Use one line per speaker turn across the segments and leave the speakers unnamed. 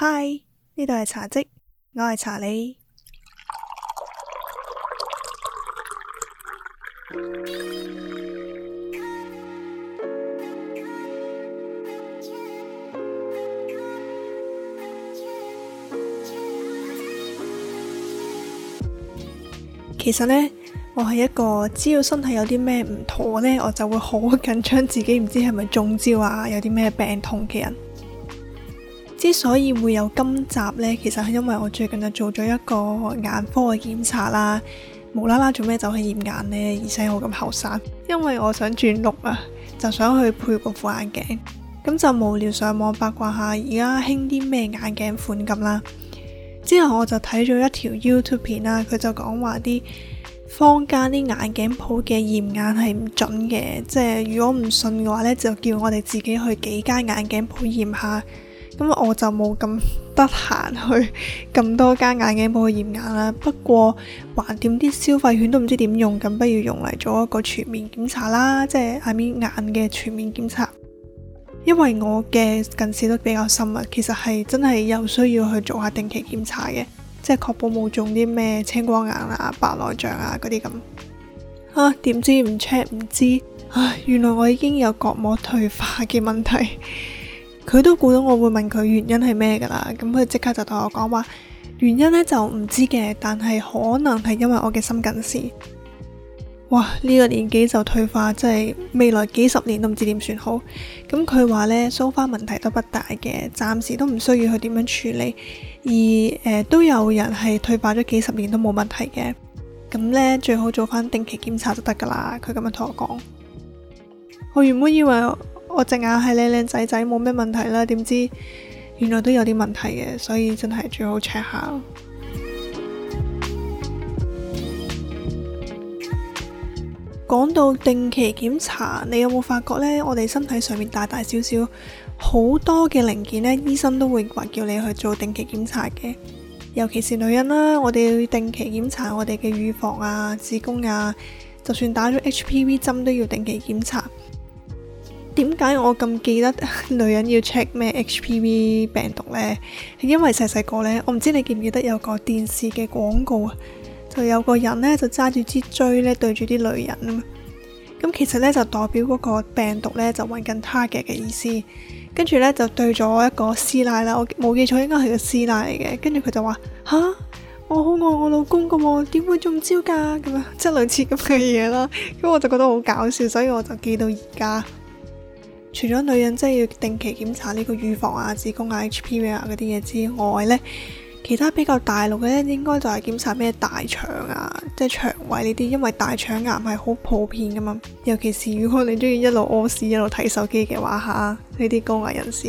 嗨，呢度係茶嘖，我係茶你。其實呢，我係一個只要身體有啲咩唔妥呢，我就會好緊張，自己唔知係咪中招啊，有啲咩病痛嘅人。之所以會有今集呢，其實係因為我最近就做咗一個眼科嘅檢查啦，無啦啦做咩就去驗眼呢？而且我咁後生，因為我想轉 look 啊，就想去配個副眼鏡，咁就無聊上網八卦下而家興啲咩眼鏡款咁啦。之後我就睇咗一條 YouTube 片啦，佢就講話啲坊間啲眼鏡鋪嘅驗眼係唔準嘅，即係如果唔信嘅話呢，就叫我哋自己去幾間眼鏡鋪驗下。咁我就冇咁得閒去咁 多間眼鏡舖去驗眼啦。不過橫掂啲消費券都唔知點用，咁不如用嚟做一個全面檢查啦，即係面 I mean, 眼嘅全面檢查。因為我嘅近視都比較深啊，其實係真係有需要去做下定期檢查嘅，即係確保冇中啲咩青光眼啊、白內障啊嗰啲咁。啊，點知唔 check 唔知，唉、啊，原來我已經有角膜退化嘅問題。佢都估到我會問佢原因係咩噶啦，咁佢即刻就同我講話，原因呢就唔知嘅，但係可能係因為我嘅深近視。哇！呢、這個年紀就退化，真係未來幾十年都唔知點算好。咁佢話呢，收翻問題都不大嘅，暫時都唔需要去點樣處理。而誒、呃、都有人係退化咗幾十年都冇問題嘅。咁呢，最好做翻定期檢查就得噶啦。佢咁樣同我講。我原本以為。我隻眼係靚靚仔仔，冇咩問題啦。點知原來都有啲問題嘅，所以真係最好 check 下。講 到定期檢查，你有冇發覺呢？我哋身體上面大大小小好多嘅零件呢，醫生都會話叫你去做定期檢查嘅。尤其是女人啦、啊，我哋要定期檢查我哋嘅乳房啊、子宮啊，就算打咗 HPV 針都要定期檢查。點解我咁記得女人要 check 咩 HPV 病毒呢？係因為細細個呢，我唔知你記唔記得有個電視嘅廣告啊，就有個人呢就揸住支錐呢對住啲女人啊嘛。咁其實呢，就代表嗰個病毒呢就搵緊 target 嘅意思，跟住呢，就對咗一個師奶啦。我冇記錯應該係個師奶嚟嘅，跟住佢就話吓，我好愛我老公噶，點會中招噶咁樣？即係、就是、類似咁嘅嘢啦。咁我就覺得好搞笑，所以我就記到而家。除咗女人真係要定期檢查呢個預防啊、子宮啊、HPV 啊嗰啲嘢之外呢，其他比較大路嘅咧，應該就係檢查咩大腸啊，即係腸胃呢啲，因為大腸癌係好普遍噶嘛。尤其是如果你中意一路屙屎一路睇手機嘅話吓，呢啲高危人士。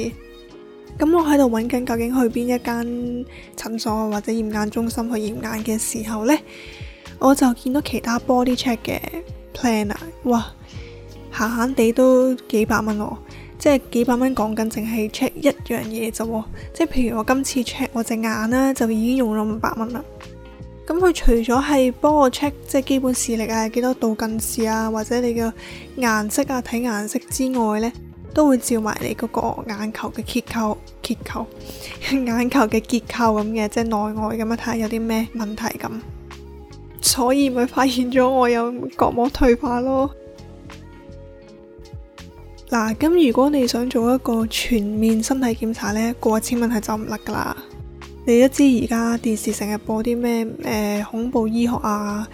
咁我喺度搵緊究竟去邊一間診所或者驗眼中心去驗眼嘅時候呢，我就見到其他 body check 嘅 plan 啊，哇！閒閒地都幾百蚊喎，即係幾百蚊講緊淨係 check 一樣嘢咋喎，即係譬如我今次 check 我隻眼啦，就已經用咗五百蚊啦。咁佢除咗係幫我 check 即係基本視力啊，幾多度近視啊，或者你嘅顏色啊睇顏色之外呢，都會照埋你嗰個眼球嘅結構、結構、 眼球嘅結構咁嘅，即係內外咁啊睇下有啲咩問題咁。所以咪發現咗我有角膜退化咯。嗱，咁如果你想做一個全面身體檢查咧，過千蚊係走唔甩噶啦。你都知而家電視成日播啲咩誒恐怖醫學啊，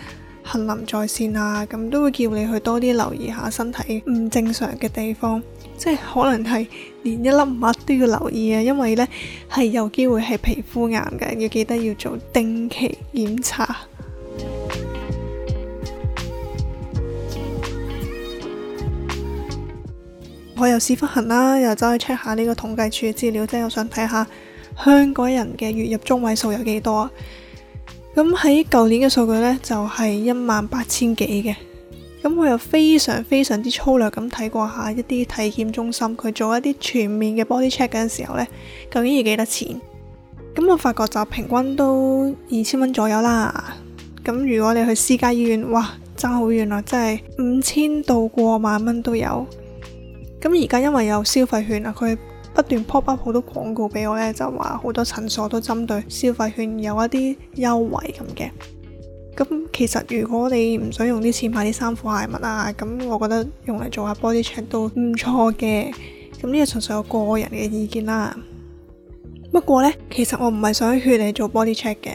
杏林在線啊，咁都會叫你去多啲留意下身體唔正常嘅地方，即係可能係連一粒癦都要留意啊，因為呢係有機會係皮膚癌嘅，要記得要做定期檢查。我又屎忽痕啦，又走去 check 下呢個統計處嘅資料，即係，我想睇下香港人嘅月入中位數有幾多啊？咁喺舊年嘅數據呢，就係一萬八千幾嘅。咁我又非常非常之粗略咁睇過下一啲體檢中心，佢做一啲全面嘅 body check 嗰陣時候呢，究竟要幾多錢？咁我發覺就平均都二千蚊左右啦。咁如果你去私家醫院，哇，爭好遠啦，真係五千到過萬蚊都有。咁而家因為有消費券啊，佢不斷 pop up 好多廣告俾我咧，就話、是、好多診所都針對消費券有一啲優惠咁嘅。咁其實如果你唔想用啲錢買啲衫褲鞋襪啊，咁我覺得用嚟做下 body check 都唔錯嘅。咁呢個純粹我個人嘅意見啦。不過呢，其實我唔係想勸你做 body check 嘅。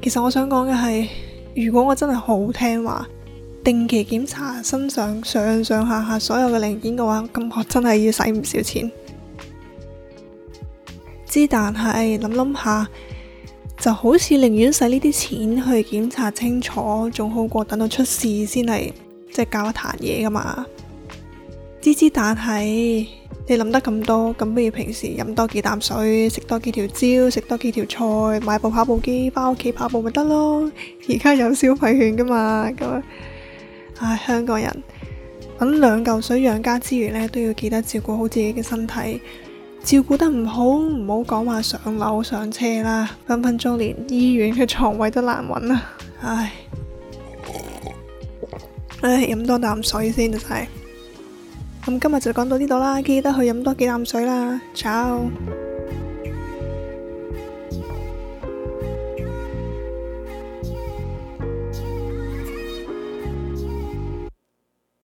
其實我想講嘅係，如果我真係好聽話，定期檢查身上上上下下所有嘅零件嘅話，咁我真係要使唔少錢。之但係諗諗下，就好似寧願使呢啲錢去檢查清楚，仲好過等到出事先嚟即係搞一壇嘢噶嘛。知，之但係你諗得咁多，咁不如平時飲多幾啖水，食多幾條蕉，食多幾條菜，買部跑步機，返屋企跑步咪得咯。而家有消費券噶嘛，咁啊～唉，香港人搵兩嚿水養家之餘呢，都要記得照顧好自己嘅身體，照顧得唔好，唔好講話上樓、上車啦，分分鐘連醫院嘅床位都難搵啊！唉，唉，飲多啖水先就晒，咁今日就講到呢度啦，記得去飲多幾啖水啦，走。